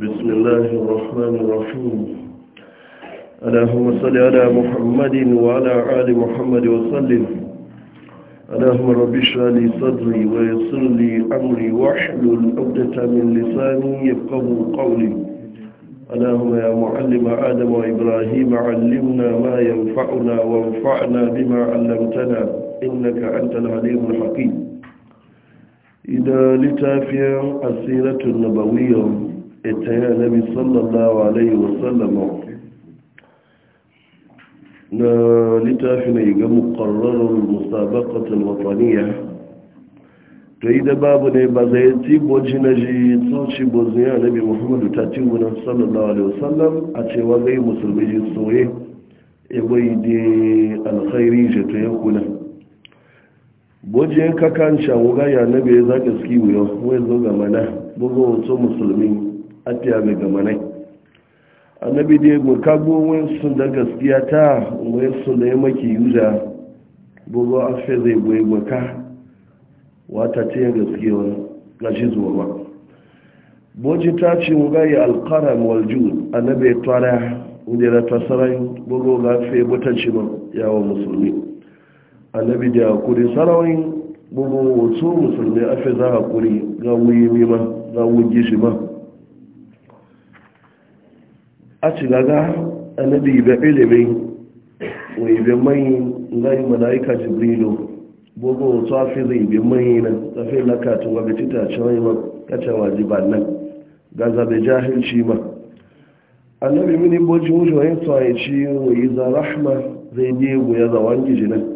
بسم الله الرحمن الرحيم اللهم صل على محمد وعلى آل محمد وسلم اللهم رب اشرح لي صدري ويسر لي امري واحلل عقدة من لساني يفقهوا قولي اللهم يا معلم آدم وإبراهيم علمنا ما ينفعنا وانفعنا بما علمتنا إنك أنت العليم الحكيم إذا لتافيا السيرة النبوية اتهى النبي صلى الله عليه وسلم لتافنا يجب مقرر المسابقة الوطنية تريد باب نبا زيتي بوجه نجي توشي بوزنيا نبي محمد تاتيونا صلى الله عليه وسلم اتي وغي مسلمي جي سوي ابو يدي الخيري جتو يوكونا bojin kakanca wuga ya nabi ya zaga ski wuyo wai zo ga mana bugu wato musulmi atiya mai ga mana annabi dai mu kago wai sun da gaskiya ta wai sun da ya maki yuza bugu afe zai goyi gwaka wata ta yin gaskiya wani gashi zuwa ba bojin ta ce wuga ya alkaram walju annabi ya tara inda ya ta sarai bugu ga fe butacci ba yawon musulmi annabi da hakuri sarawin bugun wasu musulmi afe za hakuri ga wuyi ma ga wuji shi ma a ci gaga annabi ga ilimin wai bi mai ngai malaika jibrilu bugun wasu afe zai bi mai na tafi lakatun wa bitita cewa ma kace wajiban nan ga zabe jahilci ma annabi mini bojin wuce wa yin tsaye ci wai za rahma zai ne goya za wangi jinan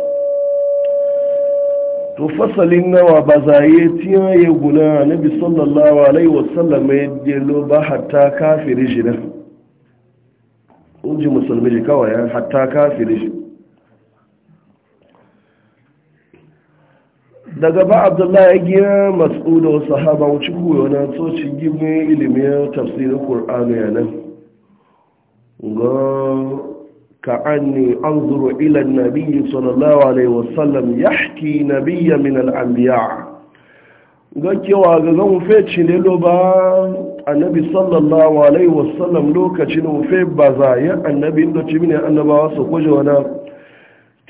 to fasalin nawa ba za a yi tiya ya guna na sallallahu alaihi wasallam ya gelo ba hatta kafiri shi na ji musulmi shi kawai hatta kafiri shi daga ba abdullahi ya gina da wa sahaba wuce koyo na tsoci gini ilimin tafsirin ƙur'anu yanan ga كأني أنظر إلى النبي صلى الله عليه وسلم يحكي نبيا من الأنبياء gakewa ga gan fe cine lo ba annabi sallallahu alaihi wasallam lokacin fe ba za ya annabi da ci mini annabawa su kuje wana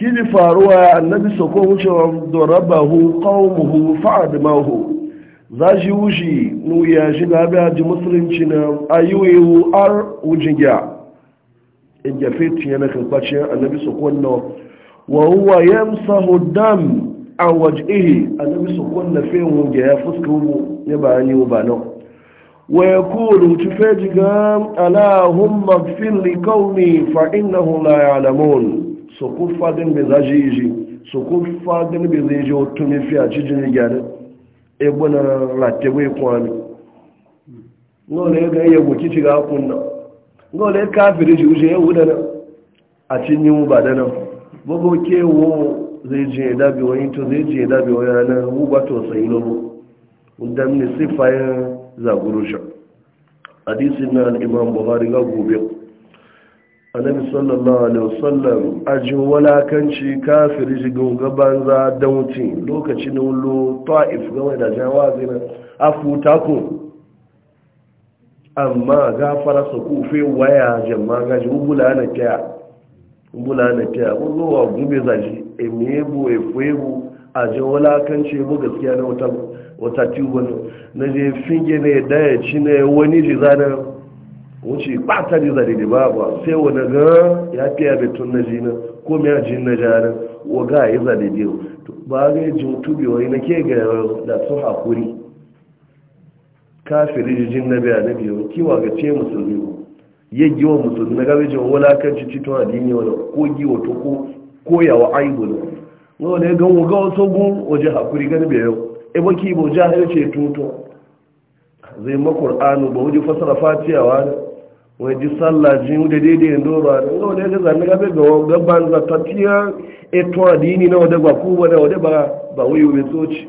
kili faruwa ya annabi su ko wucewa don hu, kawo da rabahu qaumuhu fa'admahu za shi wushi nu ya shi ga ji musulunci na ayyuwu ar wujin ya igafeti yana kan kwace annabi sokonna wa huwa yamsahu dam an waj'ihi annabi sokonna fe mun ga ya fuska mu ne ba ni ba no wa yaqulu tufaji gam ala hum maghfir li qawmi fa innahum la ya'lamun sokufa den be zajiji sokufa den be zeji otumi fi a cijin gyara ebona ratewe kwani no le ga yego kici ga kunna dole kafiri shi wuce yau da nan a cinye mu ba da nan bugu kewo zai je dabe wani to zai je ya dabe wani ranar wuba to sai lobo dan ne sifayen zagurusha hadisin na al'imam buhari ga gobe annabi sallallahu alaihi wasallam ajin walakanci kafiri shi ga banza dauti lokacin ulo ta'if ga wani da jawazi na afu takun amma gafara su kufe waya jama gaji ubula na kya ubula na kya wanda wa gube zaji emebo efuebu a je ce bu gaskiya na wata wata tuba na je finge ne daya ya ci ne wani ji na wuce bata jiza da ba sai wani ga ya fiya tun na ji na ko mai ji na jana wa ga ya zade biyu ba ga jin wani na ke ga da su hakuri kafiri jijin na biya na biyu kiwa ga ce musulmi ba ya giwa musulmi na gabe jin wulakanci cikin addini wani ko giwa to ko koyawa aibu ne wani ne gan wuga wasu gun waje hakuri gani bai yau ibo e ki bo jahil ce tuto zai ma qur'anu ba wuji fasara fatiyawa ne wani ji sallah jin wuda daidai ndora ne wani ne ga zanni gabe ga gaban zatatiya eto addini na wada ba ku ba da wada ba ba wuyu bai soci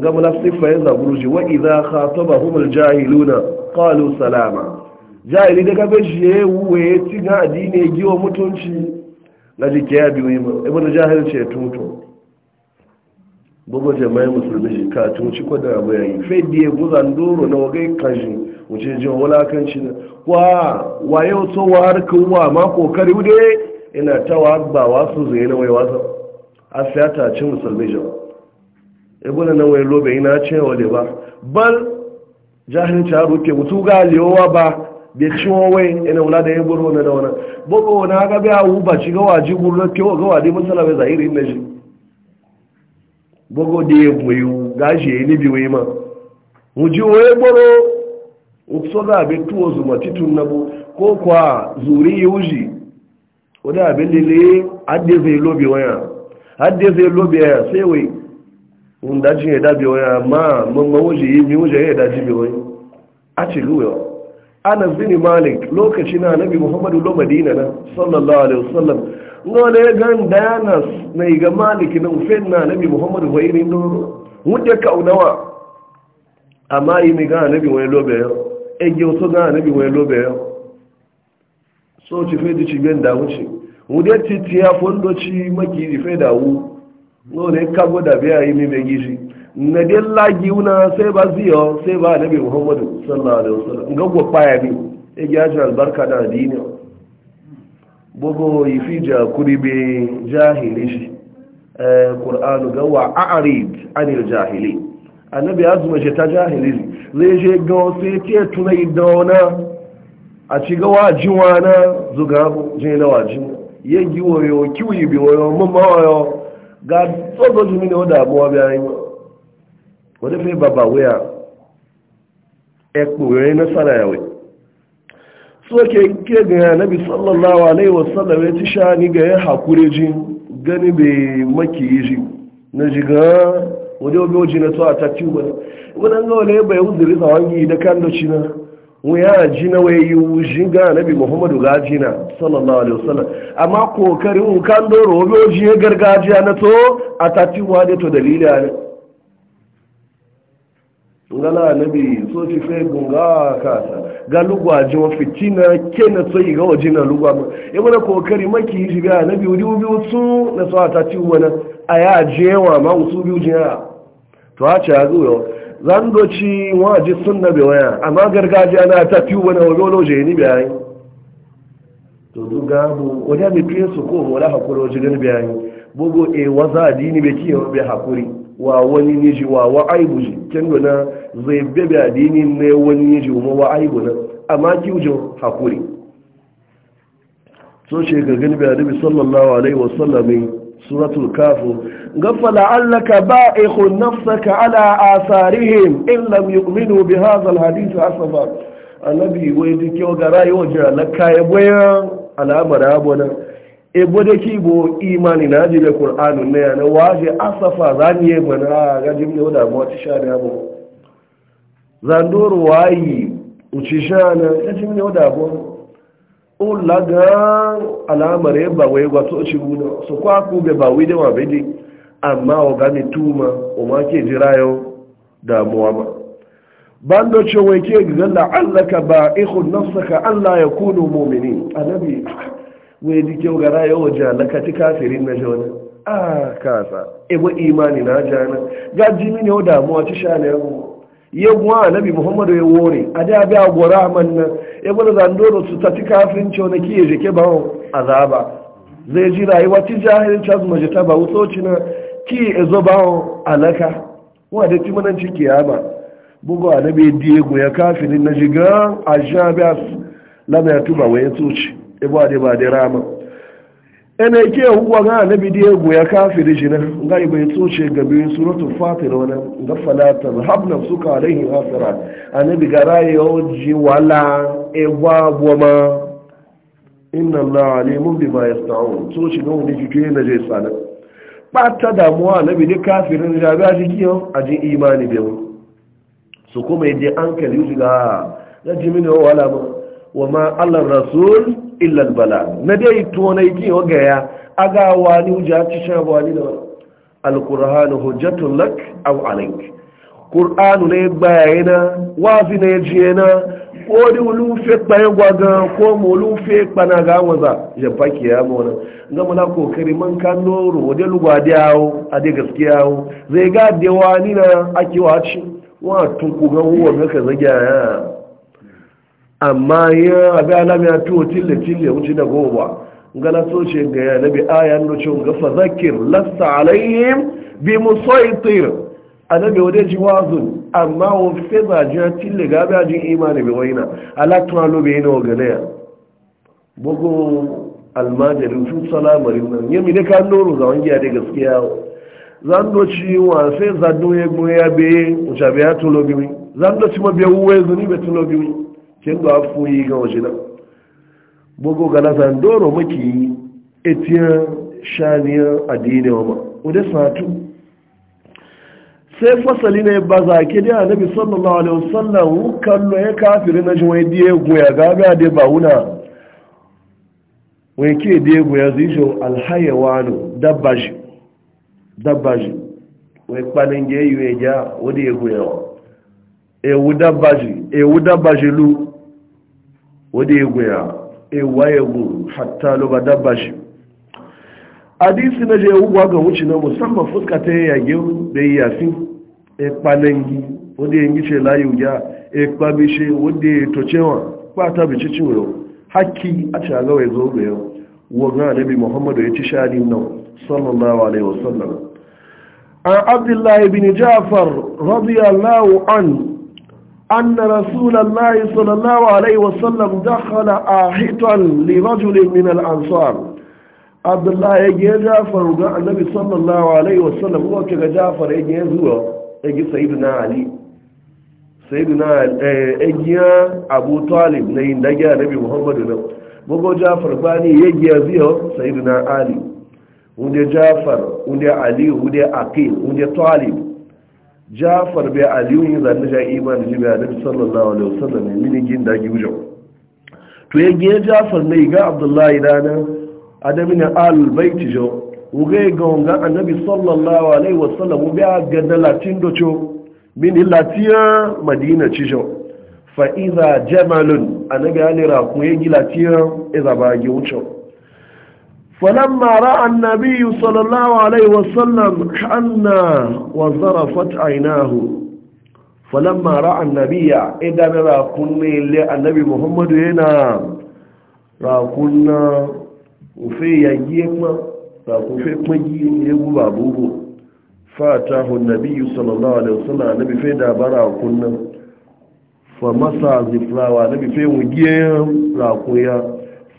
ga fa yanzu buruji wa idza khatabahum aljahiluna qalu salama jahili daga beje we tinga adine giwa mutunci na ji ke ya biyu mun ibnu jahil ce tuto bobo jama'i musulmi shi ka tunci ko da bayani fedi die guzan doro na wagai kanshi wuce wala kan shi wa yau to wa harkan wa ma kokari wude ina ta wa wasu zai na wai wasu asiyata cin musulmi jama'a ebola nan wai lobe ina cewa da ba bal jahilin ta ruke mutu ga lewa ba bai ciwo wai ina wula da ya buru na da wani bugu wani haka bai hau ba ci gawa ji gurla kewa gawa dai mun sana bai zahiri na shi bugu da ya muyu gashi ya yi ni biyu ma mu ji wai buru ukso za a bai tuwo zuma titun na bu ko kwa zuri yi wuji wadda abin lele hadde zai lobe waya hadde zai lobe waya sai wai wanda jin ya dabe waya ma mamma wuje yi mi ya daji bi a ce ruwa ana zini malik lokaci na nabi muhammadu lo madina na sallallahu alaihi wasallam ngole ya gan na iga malik na na nabi muhammadu amma nabi lobe nole kago da biya yi mai gishi na dai lagi wuna sai ba ziyo sai ba nabi muhammadu sallallahu alaihi wasallam e e, ga gwa kwaya ne ya gya shi kuribe jahili shi ƙur'anu ga a'arid anil jahili annabi ya ta jahili zai je ga wasu ya a na je na bi ga tsogo jimi ne wadda abuwa biya yi wadda fi baba wuya ekpo were nasara yawai tsoke ke ya nabi sallallahu alaihi wasallam ya e ci sha ni ga ya e hakuri ji gani bai maki yi ji na jiga wadda obi oji na tsawa ta ci wani wadda ga wale bai wuzuri zawon yi da kan doci na wuya jina wai yi wujin ga bi muhammadu ga jina sallallahu alaihi wasallam amma kokarin kan doro wabi wajen ya gargajiya na to a tatin wade to dalili ne ngala nabi so ti fe gunga kasa ga lugwa ji wa fitina ke na so yi ga waje na lugwa ma ya e mana kokari maki yi shiga nabi wuri ubi wasu na so a tatin wana a ya je ma wasu biyu jiya to a ce a zuwa zan doci waje sunna bai waya amma gargajiya na ta fi wani wagolo je ni bayani to du gabu wajen mai fiye su ko wani hakuri wajen gani bayani bugu e waza dini bai kiyo bai hakuri wa wani niji wa wa aibu ji kendo na zai bebe dini ne wani niji kuma wa aibu na amma kiwjo hakuri so ce ga gani bayani sallallahu alaihi wasallam suratul kafu. gafala allaka ba'ikhun nafsaka ala asarihim in lam yu'minu bi hadha alhadith asaba annabi wai dike ga rayuwar jira la kai boyan al'amara bona e bode ki bo imani na jibe qur'anun ne na waje asafa zaniye bana ga jimne wada mu ta sha da mu zanduru wayi ucishana ta jimne wada bona ulaga al'amara ba wai gwato ci guna so kwa ku be ba wi da wa be amma wa gami tuma o ma ke jira yau damuwa ba bando ce wai ke gizan la'allaka ba ikhu nafsaka Allah ya kunu mumini annabi wai dike ga rayuwa jalaka ti kafirin na jona ah kasa e, wa imani na jana jimi ne yau damuwa ci shane yau yagwa annabi muhammadu ya wore a da bi a gora man nan ya gwada ndoro su ta ti kafirin ce ke ki ya jike ba azaba zai ji rayuwa ti jahilin chas ta ba wutoci na ki ezo bawo alaka wa da timananci kiyama bugu anabi diego ya kafirin na jiga a jabas lama ya tuba wa ya tsoci ibu ade ba da rama ene ke huwa ga anabi diego ya kafirin jina ga ibu ya tsoci ga biyun suratul fatir wala ga falata habna suka alaihi asara anabi ga rayo ji wala ewa goma inna allaha alimun bima yasnaun tsoci ga wani jike na je sanan ɓata damuwa na ni kafirin kiyo a ji imani da yau su kuma yi je an kari su ga na jimi ne wala ma wa ma allah rasul illal bala na dai to na yi wa gaya a ga wani wuja ci sha wani da alkurhanu hujjatun lak aw alaik qur'anu ne bayana na ne jiyana ko ni wulu fe kpaye gwaga ko mu bana fe kpana ga waza ya baki ya mo na ga mala kokari man kan noro wade lugwa a gaskiya wo zai ga dewani na ake wace wa tun ku ga wo ga ka zage ya amma ya abi alami ya to tilla tilla wuce da gowa ngala so ce ga ya nabi ayan no ce ga fazakir lasta alaihim bi musaitir annabi wadai ji wazun amma wọn fi zajen tille gabi ji imani bai waina alatun alo bai yana waganaya bugun almajari sun salamari nan yami da ka noro zawon giya da gaskiya zando ci wa sai zando ya gbe ya be ucabe ya tulo gimi zando ci mabiya wuwa ya zuni bai tulo gimi kin ga afu yi ga wajina. nan bugu gala zandoro maki etiyan shaniyar adini wa ma wadai satu sai fasali ne ba za ke da annabi sallallahu alaihi wasallam kallo ya kafiri na jin diye goya gaga da ba wuna wai ke diye goya zai jo alhayawanu dabbaji dabbaji wai kwanin ge yi ya wadi ya goya ewu dabbaji ewu dabbaji lu wadi ya goya ewa ya hatta lu ba dabbaji hadisi na je ugwa ga wuce na musamman fuska ta yi yage da yi yafi ekpalengi wadda yi ngice layi uya ekpabishe wadda ya tocewa ba ta bi bici ciwo haki a ci agawa ya zo ga yau wajen anabi muhammadu ya ci shani na sallallahu alaihi wasallam an abdullahi bin jafar radiyallahu an أن رسول الله صلى الله عليه وسلم دخل آهتاً لرجل من الأنصار abdullahi ya gina jafar ga annabi sallallahu alaihi wasallam kuma kaga jafar ya gina zuwa ya saidu na ali Saidu na, sayyidina eh, ya gina abu talib na yin dagi annabi muhammadu na bugo jafar ba bani ya gina zuwa na ali wunde jafar wunde ali wunde aqil wunde talib jafar bai aliyu yin zanen ja imanin jibi annabi sallallahu alaihi wasallam ne mini gina dagi wujan to ya gina jafar na yi ga abdullahi ranar adamina albaiti jo uge gonga annabi sallallahu alaihi wasallam ubi aga latin docho min latiya madina cijo fa iza jamalun annabi alira ku yegi latiya iza ba gi wucho فلما راى النبي صلى الله عليه وسلم ان وزرفت عيناه فلما راى النبي اذا را كن للنبي محمد هنا را ofe ya giye kuma ba ku fe kuma giye ya guba Fa fata hun nabi sallallahu alaihi wasallam nabi fe da bara kunnan fa masa zifrawa nabi fe mu giye rakuya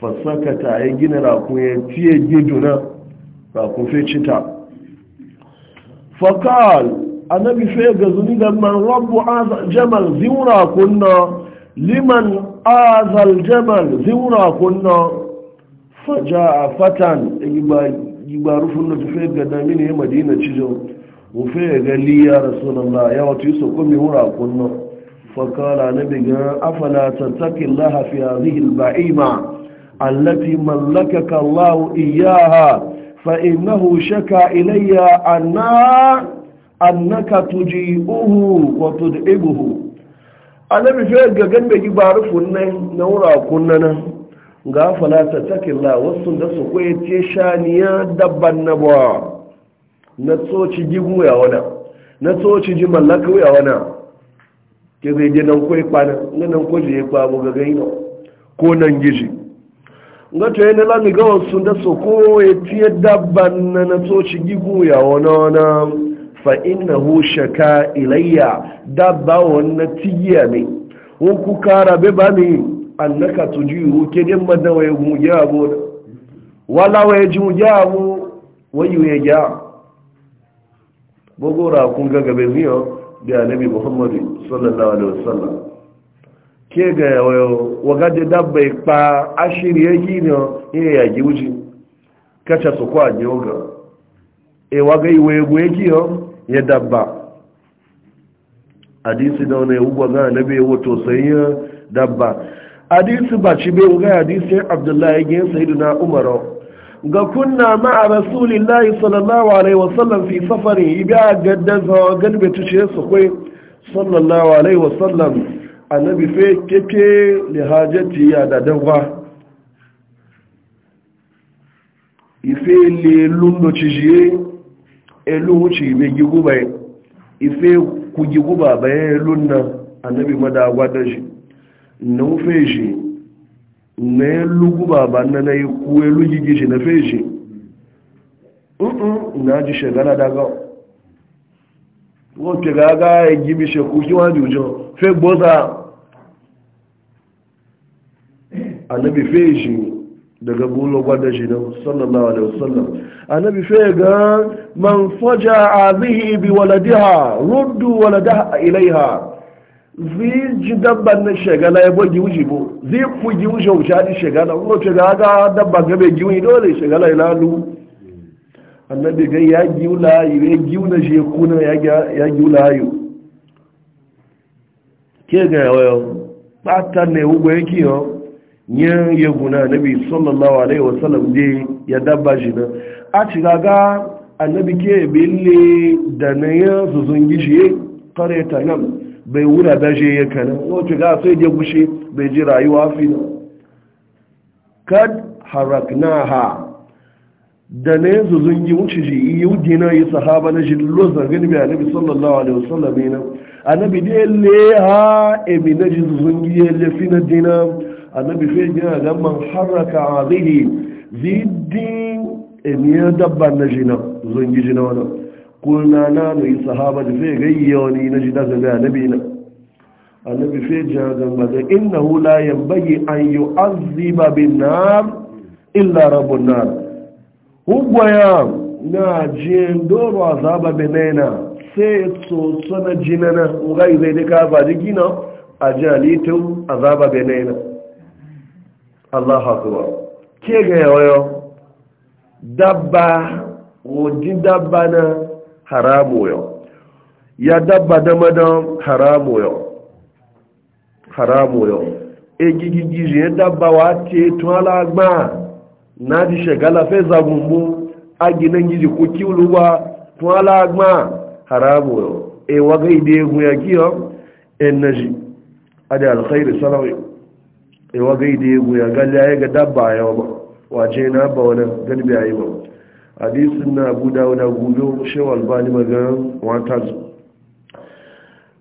fa saka ta ya gina rakuya tiye giduna rakun fe cita Fa fakal annabi fe ga zuni da man rabbu azal jamal ziura kunna liman azal jamal ziura kunna faja a fatan igba rufin da tufe ga damini ya madina cijo wufe ga liya rasulallah ya wata yi sako mai wura kunna fakala na biga afala tattakin lahafi a zihil ba'ima allati mallakaka Allah iyaha fa shaka ilayya anna annaka da wa tud'ibuhu alabi fe ga ganbe gibaru funne na wura kunna na ga fala ta takilla wasu da su kwaye ce shaniya dabban na ba na tsoci gigu ya wana na tsoci ji mallaka ya wana ke zai je nan kwaye kwana na nan kwaje ya kwa ga gaino ko nan gizi ga to yana lami ga wasu da su kwaye ce dabban na na tsoci gigu ya wana wana na innahu shaka ilayya dabba wannan tigiya ne hukuka rabe ba mi annaka tujiru kedin madawa ya gumuge abu wala wa ya jimuge abu wayu ya gya bogora kun ga gabe miyo da annabi muhammadu sallallahu alaihi wasallam ke ga waga da dabba pa ashiri ya yi ne ya yagi wuce kacha su kwa yoga e waga iwe egwu egi ya dabba hadisi da wani ugwa ga annabi ya wato sayin dabba hadisi ba ci bai wuga hadisi abdullahi ya duna umar ga kunna ma'a rasulillahi sallallahu alaihi wasallam fi safarin biya gaddan zawa galbe tushe su kai sallallahu alaihi wasallam na bife keke li hajati ya da dawa ife le lundo cijie elu wuce be giguba ife ku giguba bayan lunna annabi madawa da shi na feshi na ya lugu baba na na yi kuwa lugi gishi na feshi ɗin na ji shagara daga wọ́n tẹ̀gá agá ẹgbí mi ṣekú kí wọ́n jùjọ fẹ́ gbọ́ta anabi fẹ́ ìṣì daga bulo gbádẹ shi náà sallallahu alaihi wasallam anabi fe ga man fọ́já àbíhì bi waladiha ruddu waladaha ilaiha zi ji dabban na shagala ya bo giwuji bo zi ku giwuji o jadi shagala ko ce ga ga dabba ga be giwuji dole shagala ila lu annabi ga ya giwla yi ya giwna je kuna ya ya giwla yi ke ga yo pata ne ugo yake yo nyen ye guna nabi sallallahu alaihi wasallam je ya dabba shi na a ci ga annabi ke bille da na ya zuzun gishiye kare ta nan bai wuna daje ya kanin wace ga sai ya gushe bai ji rayuwa fina kad haraknaha da ne zuzun yi wuce ji yi dina yi sahaba na shi lozar gani mai anabi sallallahu alaihi wasallam ne anabi ne le ha emi na ji zuzun yi ya lefi na dina anabi fe gina ga man haraka a azihi zidin emi ya dabba na jina zungi jina wannan kuna na mai sahaba da fe gayya wani na shi daga ga nabi na annabi fe ja ga maza innahu la yanbaghi an yu'azziba bin nar illa rabbun nar hugwaya na jin doro azaba benena sai tsotso na jinana ugai zai dika ba da gina a jalitun azaba benena Allah hakuwa ke ga yawayo dabba wajen dabba na haramu yau ya dabba da madan haramu yau haramu yau egigigiri ya dabba wa ce tuwala gba na ji shagala fe zagungu a ginan gizi ko kiwuluwa tuwala gba haramu yau e waga ide ya guya kiyo en naji a da alkhairu sarawi e waga ide ya guya ya ga dabba yau ba ce na ba wani galibi a yi ba hadisin na abu dawuda gudu shawar bani maganin wata zu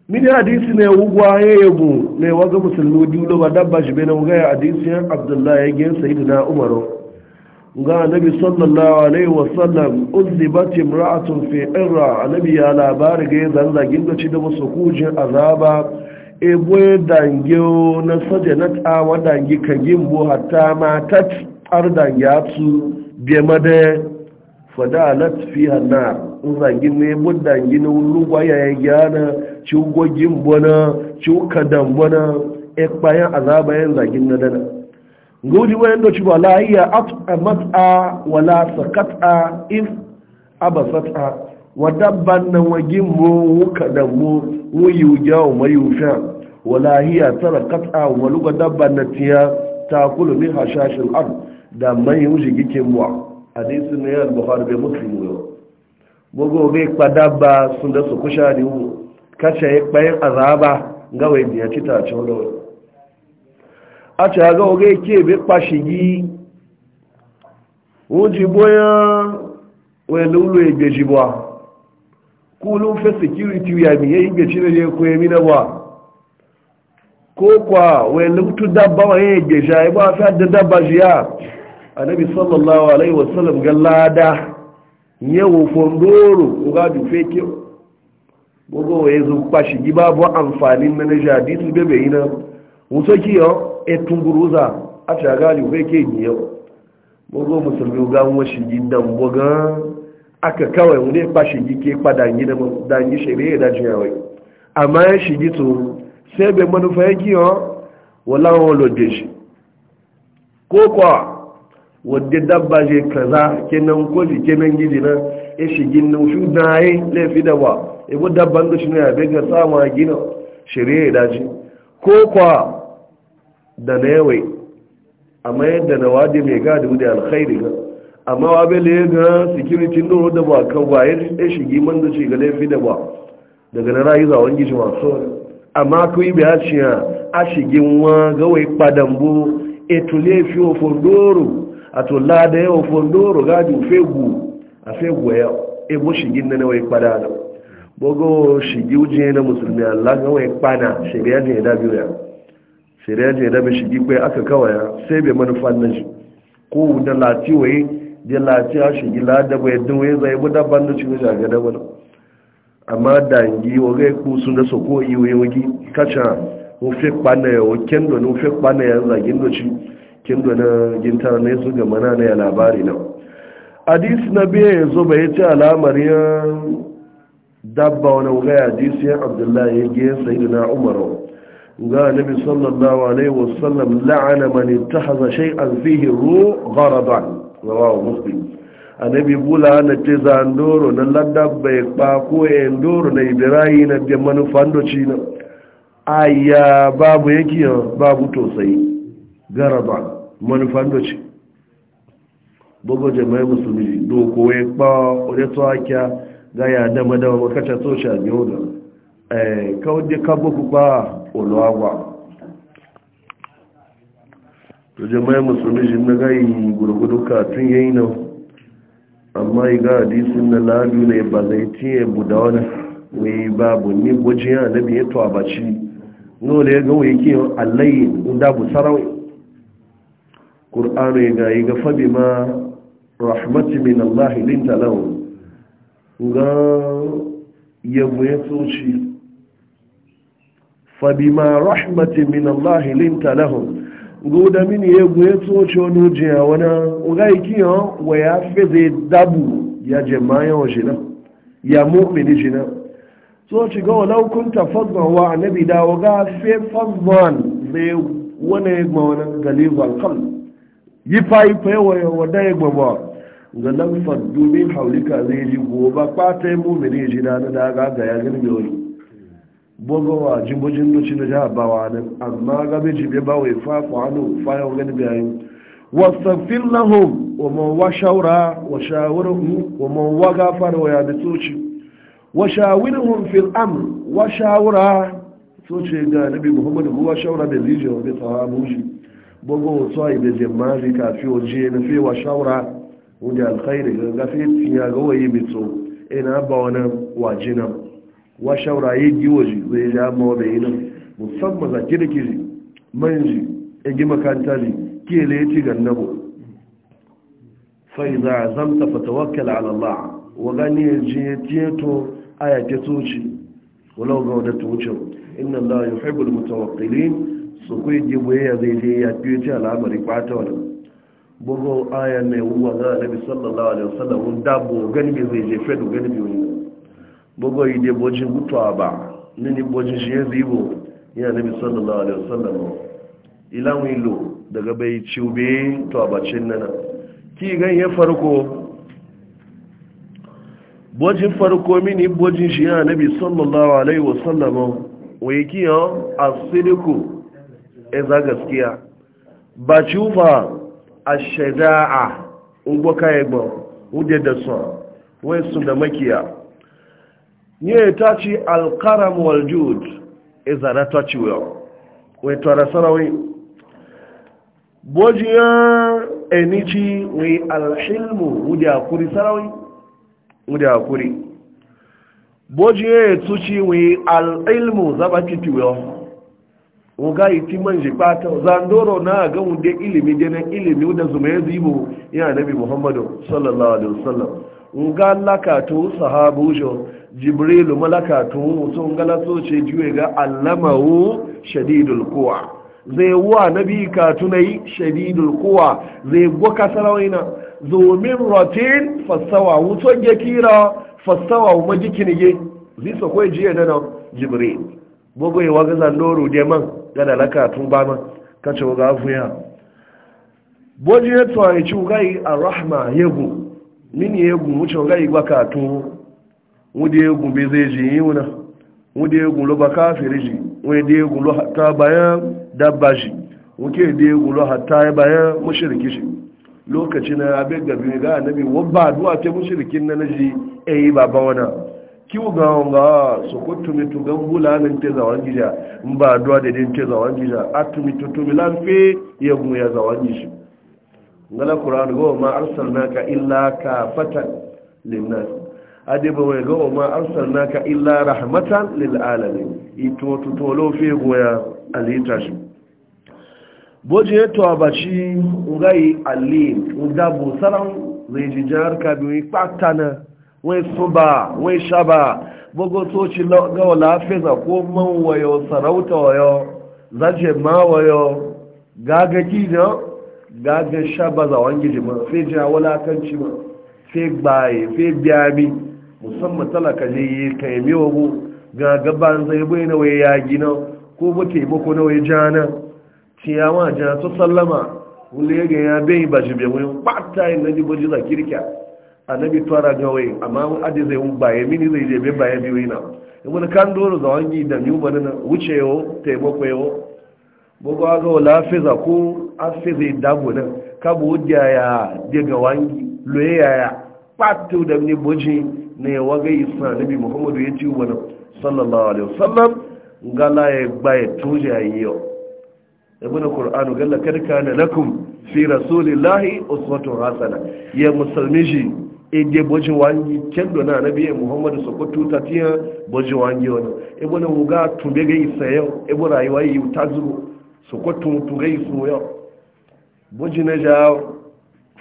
mini hadisi ne wugwa ya yi yabu ne waga musulmi dole ba dabba shi bai na wuga ya hadisi ya abdullahi ya gen sayidu na umaru ga anabi sallallahu alaihi wasallam uzibat imra'atun fi irra anabi ya labari ga yanzu zanza da da wasu kujin azaba ebo dange na soja na tsawa dange kagin bu hatta matat ar dange su biya madaya fadalat fiha na uzangin ne buddan gini lugwa ya yana ci gogin bona ci kadan bona e bayan azaba yan zagin na dana gudi wayan da ci wala a at'a wala sakata if abasata wadabban nan wagin mu kadan mu wuyu jawo sha wala hiya wa waluga dabban ta takulu min hashashin ard da mai wuji gikin mu hadisi ne al-bukhari be muslim yo bogo be kpadaba sunda su kusha kacha ye kpayin azaba nga we biya kita acha ga oge ya mi ye igeji ne ye ko emi na bwa ko kwa we lutu dabba wa ye egeja e bwa fa annabi sallallahu alaihi wasallam ga lada yau fondoro e ga dufe ke gogo waye zo kwashi gi babu amfanin na jadi su bebe ina wuto ki yau e tunguruza a shaga li ufe yau gogo musulmi ga mu shi gi dan boga aka kawai mu ne kwashi gi ke pada ngi da dangi shari'a da jiyawai amma shi gi to sai bai manufa yake yau wala won lo deshi ko kwa wadda dabba je kaza kenan kwaji kenan gidi na ya e shigi na e shi na yi laifi da ba ibu dabban da shi ne bai ga samu a gina shirye ya daji ko kwa da na yawai amma yadda na wadi mai gadi wadda alkhairi ga amma wa bai laye ga sikiritin doro da ba kan ba ya shigi man da shi ga laifi da ba daga na rayu zawon gishi masu amma kawai bai a a shigin wa gawai padambo e etule fiye fondoro ato lada yawa fondoro gadi fegu a fegu ya ebo shigin na da kpada na bogo shigi uje na musulmi Allah ga wai kpada shari'a ne da biyu ya shirya ne da bi shigi kai aka ya sai bai manufan nan shi ko da lati wai da lati a shigi lada bai din wai zai bu da bandu shi ga ga da wala amma dangi wa ga ku sun da soko yi wai wagi kacha mu fe kpada ya wa kendo no fe kpada ya zagin do shi kin na gintar ne su ga mana na ya labari nan hadis na biya yanzu bai ci alamar ya dabba wani ga hadis ya abdullahi ya ge sayyidina umar ga nabi sallallahu alaihi wasallam la'ana man ittakhadha shay'an fihi ruh rawahu muslim Anabi bula na te zandoro na ladabba ya kpa ko endoro na ibrahim na de manufando doci na aya babu yake babu tosai garaba manufan doci bugu jama'i musulmi doko ya kpa wadda to ga ya dama dama makata social yoga eh kawai ka kabo ku ba olawagwa to jama'i musulmi shi na gayi gurgudu katun yayi nan amma yi ga hadisin na labi ne ba zai tiye buda wani mai babu ni gwajin yana da biye to a baci nole ga wuyi kiyon allayi da bu sarawai ƙur'anu ya gayi ga fabi ma rahmatu min Allah linta lahu ga yabo ya tsoci fabi ma rahmatu min Allah linta lahu goda mini ya ya tsoci wani a wani ga ikiyo wa ya fi zai dabu ya jama yawan jina ya mu'mini jina soci ga walau kun tafazman wa annabi da wa ga fi fazman zai wani ma wani galibar kalb yi fayi fayi wada ya ga lamfar domin haulika zai ji gobe kwata yi ji na na ga ya gani mai wani jimbojin na jihar bawa nan amma gabe jibe ba wai fafa hannu fayan gani bayan wasafin lahum wa man wa shawara wa wa wa gafara wa yabi tsoci wa fil wa shawara tsoci ga nabi muhammadu wa shawara da tsawa mushi bugun a ibe jimmazi kafi waje na fi wa shawara wanda alkhairi ga fi tiya ga waye bito ina ba wani waje nan wa shawara yi gi waje zai ja ma wa bai nan musamman za kirkiri manji igi makanta ne kele ya ci gannabo fai za a zamta fatawakkal ala Allah wa gani ya ji ya tiyeto aya ta soci walau ga wadda ta wuce inna Allah yuhibbul mutawakkilin su kuwa jibu ya zai je ya fiye ce al'amari kwata wani bugu ayan na yawuwa na annabi sallallahu alaihi wasallam dabo gani bai zai je fedu gani bai wani bugu yi dai bojin gutuwa ba nini bojin shi ya zibo ya annabi sallallahu alaihi wasallam ilan ilo daga bai ciube to abacin nana ki gan ya farko bojin farko mini bojin shi ya annabi sallallahu alaihi wasallam wai kiyan asiriku za gaskiya ba ci ufa a shaida'a ugbo kayan gbọ wude da sun wai su da makiya ni ya e ta ci alkaram waljud e zara ta ci wuyo wai tara sarawai bojiya enici wai alhilmu wude a kuri sarawai wude a kuri bojiya ya e tuci wai al'ilmu zaba kiti wuyo ga iti man shi zandoro na ga wunde ilimi da nan ilimi da zuma ya zibo ya nabi muhammadu sallallahu alaihi wasallam nga lakatu sahabu jo jibril malakatu so nga la so ce jiwe ga allamahu shadidul quwa zai wa nabi ka tunai shadidul quwa zai goka sarawina zo min ratin fasawa wuto ge kira fasawa ma jikinige zai so ko jiya da jibril bogo ya waga zandoro de man gada laka tun ba ma kace wa gafu boji ya tuwa ya ci wugayi a rahma yegu mini yegu wuce wugayi ba ka mu wudi yegu bai zai ji yi wuna wudi yegu lo ba kafiri ji wudi yegu lo hatta bayan dabba ji wuke da yegu lo hatta bayan mushriki ji lokaci na abin gabi ga annabi wabba duwa ta mushrikin na naji eh ba ba wana kiwo ga wanga su ko tumi to ga bula nan te zawon wangija in ba duwa da din te za a atumi to tumi lan fe ya mu ya za wangiji ngala qur'an go ma ka illa ka kafatan linnas ade ba wai go ma ka illa rahmatan lil alamin ito to to lo fi go ya alita shi boje to abachi ngai alim ngabo salam zai jijar ka bi patana wai suba wai shaba bugu soci gawa lafiza ko man wayo sarauta wayo zace ma wayo gaga kina gaga shaba za wangi jima fe jina walakanci ma fe gbaye fe biyami musamman talaka ne yi kaimi wa bu gaga ban zai bai na waye ya gina ko ba taimako na waye jana ciyawa jana to sallama wule ya ga ya bai ba jibe wani ba ta yi na ji jibo jiza kirkiya annabi twara gawai amma mun aje zai ba ya mini zai je bai ya biyo ina ibn kan doro da wangi da mu bana wuce yo taimako yo bugo ga lafiza ku ko afiza dago nan ka bu ya daga wangi loye ya patu da ni boji ne waga isa nabi muhammadu ya ci wannan sallallahu alaihi wasallam ngala ya baye tuje yiyo ibn qur'anu galla kad kana lakum fi rasulillahi uswatun hasana ya musulmi ege bojin wangi kendo na nabi muhammadu sokoto ta tiya bojin wangi wani ebo na wuga tumbe gai isa yau ebo rayuwa yi ta zuru sokoto tumbe iso yau bojin na ja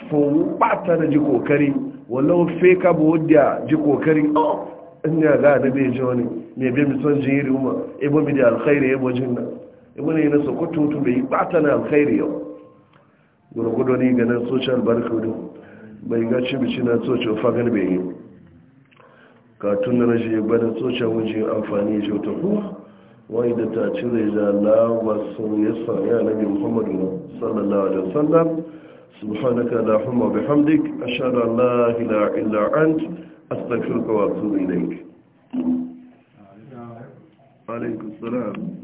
fowu pata na ji kokari wallo fe ka bo wadda ji kokari oh ina ga nabi ji wani ne bi mi son jiri umma ebo mi da alkhairi e ebo jinna ebo ne na sokoto tumbe yi pata na alkhairi yau gurgudu ne ganin social barkudu bai ga ci bici na tsocin fagar bai yi katun na rashin bada tsocin wuce amfani ya ta kuwa wani da ta ci zai da lawa sun ya sanya na nabi muhammadu sallallahu alaihi wasallam subhanaka la humma bihamdik ashhadu an la ilaha illa ant astaghfiruka wa atubu ilaik alaikum salam